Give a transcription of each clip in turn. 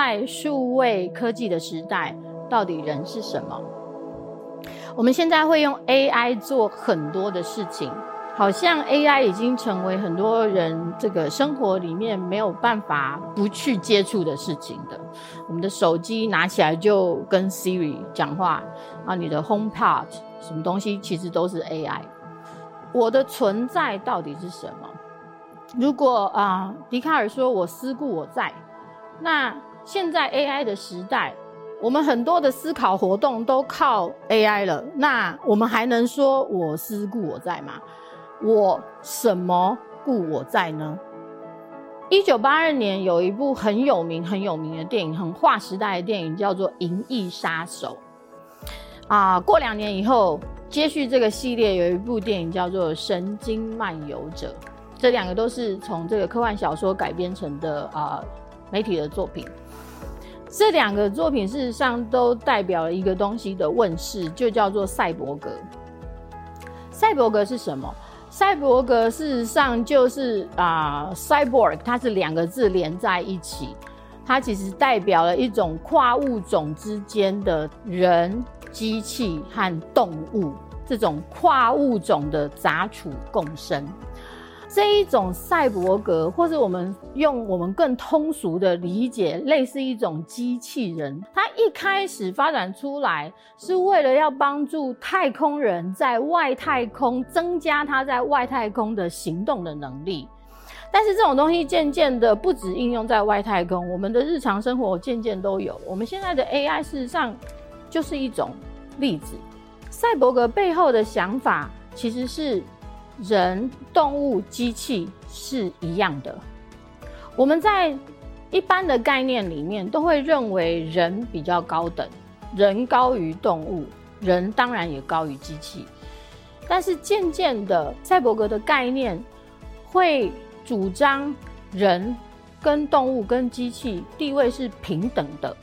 在數位科技的時代，到底人是什麼？我們現在會用 AI 做很多的事情，好像 AI 已經成為很多人這個生活裡面沒有辦法不去接觸的事情的。我們的手機拿起來就跟 Siri 講話啊，你的 HomePod 什麼東西，其實都是 AI。我的存在到底是什麼？如果啊，笛卡爾說我思故我在，那，現在 AI 的時代，我們很多的思考活動都靠 AI 了。那我們還能說“我思故我在”嗎？我什麼故我在呢？一九八二年有一部很有名、很有名的電影，很劃時代的電影，叫做《銀翼殺手》啊、呃。過兩年以後，接續這個系列有一部電影叫做《神經漫遊者》，這兩個都是從這個科幻小說改編成的啊、呃、媒體的作品。這兩個作品事實上都代表了一個東西的問世，就叫做賽博格。賽博格是什麼？賽博格事實上就是啊、呃，Cyborg，它是兩個字連在一起，它其實代表了一種跨物種之間的人、機器和動物這種跨物種的雜處共生。這一種賽博格，或是我們用我們更通俗的理解，類似一種機器人，它一開始發展出來是為了要幫助太空人在外太空增加他在外太空的行動的能力。但是這種東西漸漸的不止應用在外太空，我們的日常生活漸漸都有。我們現在的 AI 事實上就是一種例子。賽博格背後的想法其實是。人、動物、機器是一樣的。我們在一般的概念裡面，都會認為人比較高等，人高於動物，人當然也高於機器。但是漸漸的，賽博格的概念會主張人跟動物跟機器地位是平等的。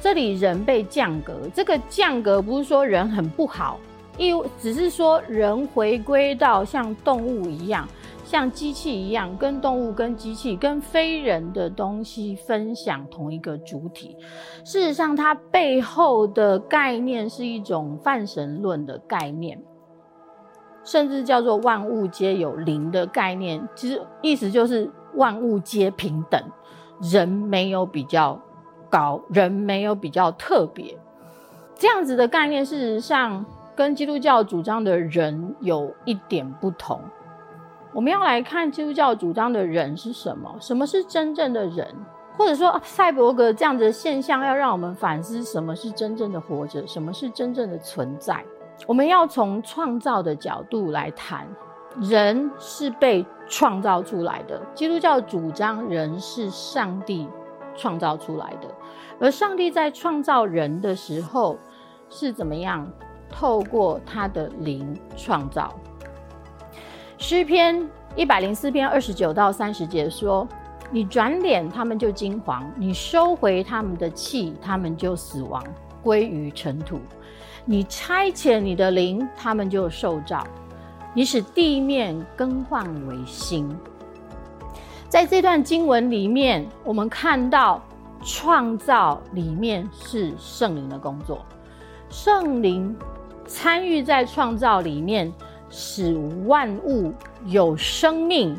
這裡人被降格，這個降格不是說人很不好。意只是說，人回歸到像動物一樣，像機器一樣，跟動物、跟機器、跟非人的東西分享同一個主體。事實上，它背後的概念是一種泛神論的概念，甚至叫做萬物皆有靈的概念。其實意思就是萬物皆平等，人沒有比較高，人沒有比較特別。這樣子的概念，事實上。跟基督教主張的人有一點不同，我們要來看基督教主張的人是什麼？什麼是真正的人？或者說啊，賽博格這樣的現象，要讓我們反思什麼是真正的活着，什麼是真正的存在？我們要從創造的角度來談，人是被創造出來的。基督教主張人是上帝創造出來的，而上帝在創造人的時候是怎麼樣？透過他的靈創造。詩篇一百零四篇二十九到三十節說：“你轉臉，他們就驚惶；你收回他們的氣，他們就死亡，歸於塵土。你差遣你的靈，他們就受造；你使地面更換為新。”在這段經文裡面，我們看到創造裡面是聖靈的工作，聖靈。參與在創造裡面，使萬物有生命、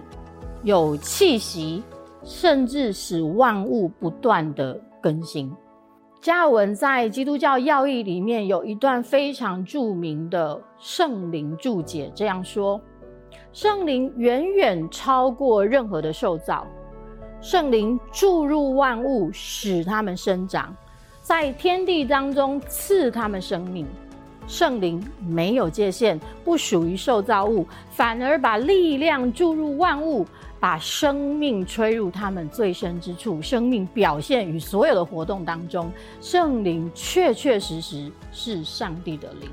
有氣息，甚至使萬物不斷地更新。加爾文在《基督教要義》裡面有一段非常著名的聖靈注解，這樣說：聖靈遠遠超過任何的受造，聖靈注入萬物，使它們生長，在天地當中賜它們生命。聖靈沒有界限，不屬於受造物，反而把力量注入萬物，把生命吹入他們最深之處。生命表現於所有的活動當中，聖靈確確實實是，是上帝的靈。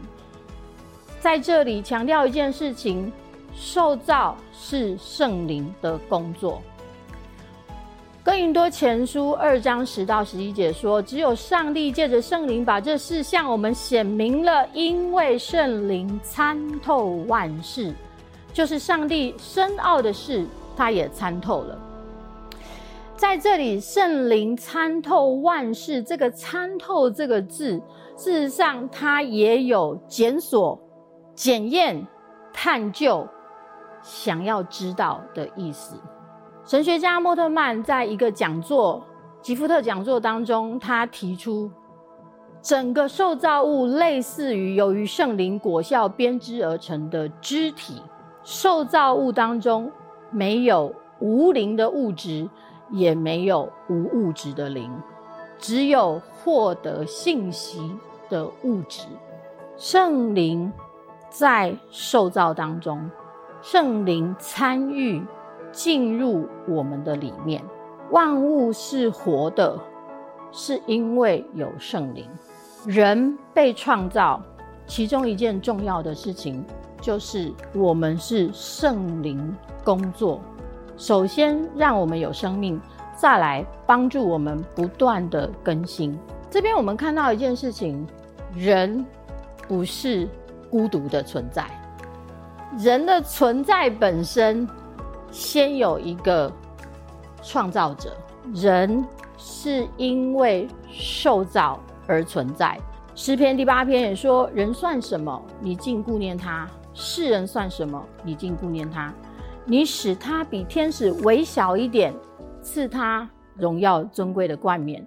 在這裡強調一件事情：受造是聖靈的工作。哥林多前書二章十到十一節說：“只有上帝借着聖靈把這事向我們顯明了，因為聖靈參透萬事，就是上帝深奧的事，他也參透了。”在這裡，“聖靈參透萬事”這個“參透”這個字，事實上，它也有檢索、檢驗、探究、想要知道的意思。神學家莫特曼在一個講座，吉福特講座當中，他提出，整個受造物類似於由於聖靈果效編織而成的肢體。受造物當中沒有無靈的物質，也沒有無物質的靈，只有獲得信息的物質。聖靈在受造當中，聖靈參與。進入我們的裡面，萬物是活的，是因為有聖靈。人被創造，其中一件重要的事情就是我們是聖靈工作。首先，讓我們有生命，再來幫助我們不斷地更新。這邊我們看到一件事情：人不是孤獨的存在，人的存在本身。先有一個創造者，人是因為受造而存在。詩篇第八篇也說：“人算什麼？你竟顧念他；世人算什麼？你竟顧念他？你使他比天使微小一點，賜他榮耀尊貴的冠冕。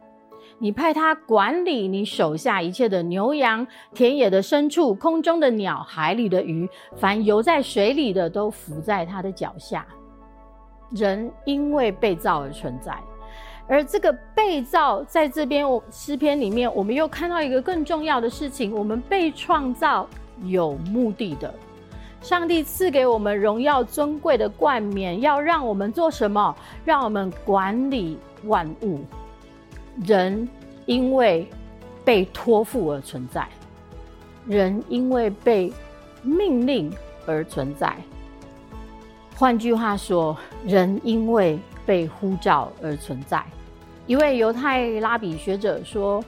你派他管理你手下一切的牛羊、田野的牲畜、空中的鳥、海裡的魚。凡遊在水裡的都伏在他的腳下。”人因為被造而存在，而這個被造，在這邊，詩篇裡面，我們又看到一個更重要的事情：我們被創造有目的的，上帝賜給我們榮耀尊貴的冠冕，要讓我們做什麼？讓我們管理萬物。人因為被托付而存在，人因為被命令而存在。換句話說，人因為被呼召而存在。一位猶太拉比學者說：“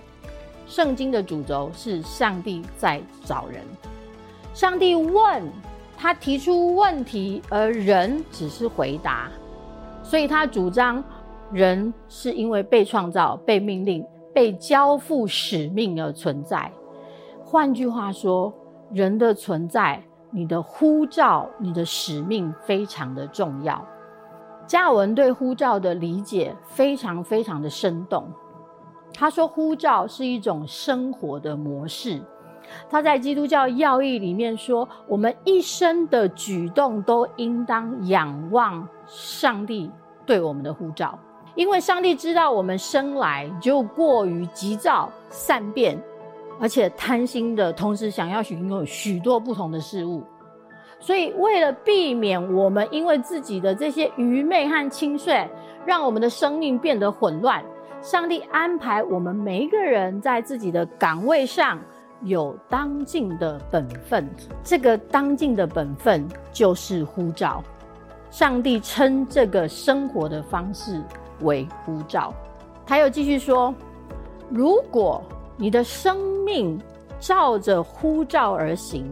聖經的主軸是上帝在找人。上帝問，他提出問題，而人只是回答。”所以，他主張人是因為被創造、被命令、被交付使命而存在。換句話說，人的存在，你的呼召，你的使命非常的重要。加爾文對呼召的理解非常非常的生動。他說，呼召是一種生活的模式。他在《基督教要義》裡面說，我們一生的舉動都應當仰望上帝對我們的呼召，因為上帝知道我們生來就過於急躁、善變。而且貪心的同時，想要擁有許多不同的事物，所以為了避免我們因為自己的這些愚昧和輕率，讓我們的生命變得混亂，上帝安排我們每一個人在自己的崗位上有當盡的本分。這個當盡的本分就是呼召。上帝稱這個生活的方式為呼召。他又繼續說：“如果。”你的生命照着呼召而行，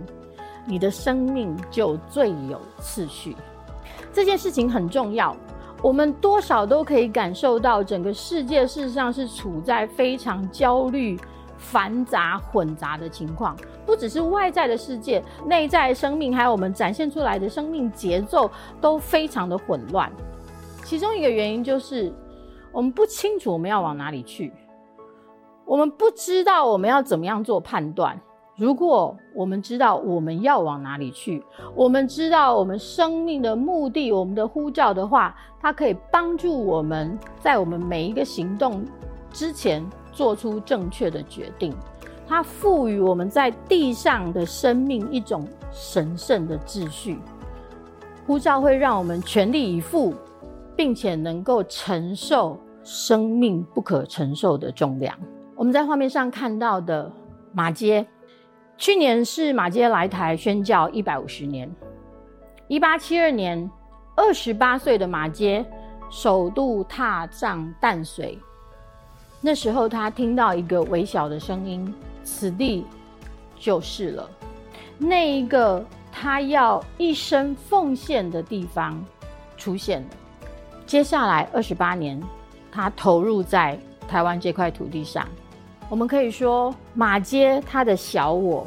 你的生命就最有次序。這件事情很重要，我們多少都可以感受到，整個世界事實上是處在非常焦慮、繁雜、混雜的情況。不只是外在的世界，內在的生命還有我們展現出來的生命節奏都非常的混亂。其中一個原因就是，我們不清楚我們要往哪裡去。我們不知道我們要怎麼樣做判斷。如果我們知道我們要往哪裡去，我們知道我們生命的目的、我們的呼召的話，它可以幫助我們在我們每一個行動之前做出正確的決定。它賦予我們在地上的生命一種神聖的秩序。呼召會讓我們全力以赴，並且能夠承受生命不可承受的重量。我們在畫面上看到的馬偕，去年是馬偕來台宣教一百五十年。一八七二年，二十八歲的馬偕首度踏上淡水，那時候他聽到一個微小的聲音，此地就是了，那一個他要一生奉獻的地方出現了。接下來二十八年，他投入在台灣這塊土地上。我們可以說，馬偕他的小我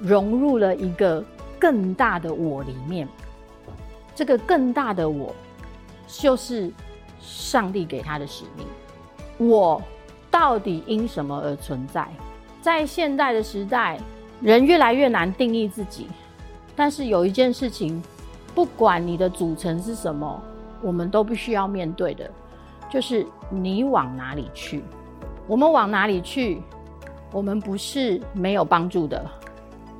融入了一個更大的我裡面。這個更大的我，就是上帝給他的使命。我到底因什麼而存在？在現代的時代，人越來越難定義自己。但是有一件事情，不管你的組成是什麼，我們都必須要面對的，就是你往哪裡去。我們往哪裡去？我們不是沒有幫助的，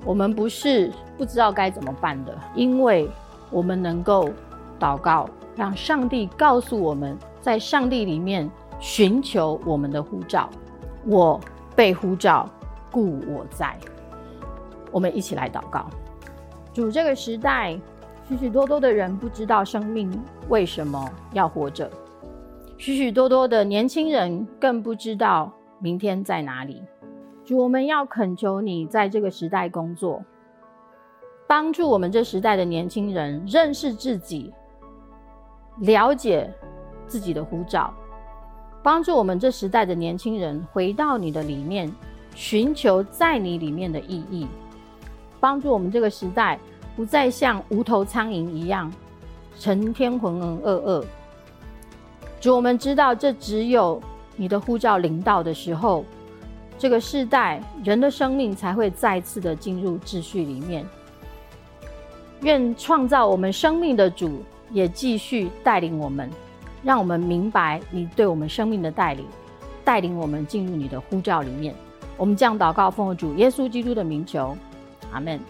我們不是不知道該怎麼辦的，因為我們能夠禱告，讓上帝告訴我們，在上帝裡面尋求我們的呼召。我被呼召，故我在。我們一起來禱告，主，這個時代，許許多多的人不知道生命為什麼要活着。許許多多的年輕人更不知道明天在哪裡。主，我們要懇求你在這個時代工作，幫助我們這時代的年輕人認識自己，了解自己的呼召，幫助我們這時代的年輕人回到你的裡面，尋求在你裡面的意義，幫助我們這個時代不再像無頭蒼蠅一樣，成天渾渾噩噩。主，我們知道，這只有你的呼召臨到的時候，這個世代人的生命才會再次的進入秩序裡面。願創造我們生命的主也繼續帶領我們，讓我們明白你對我們生命的帶領，帶領我們進入你的呼召裡面。我們這樣禱告，奉主耶穌基督的名求，阿門。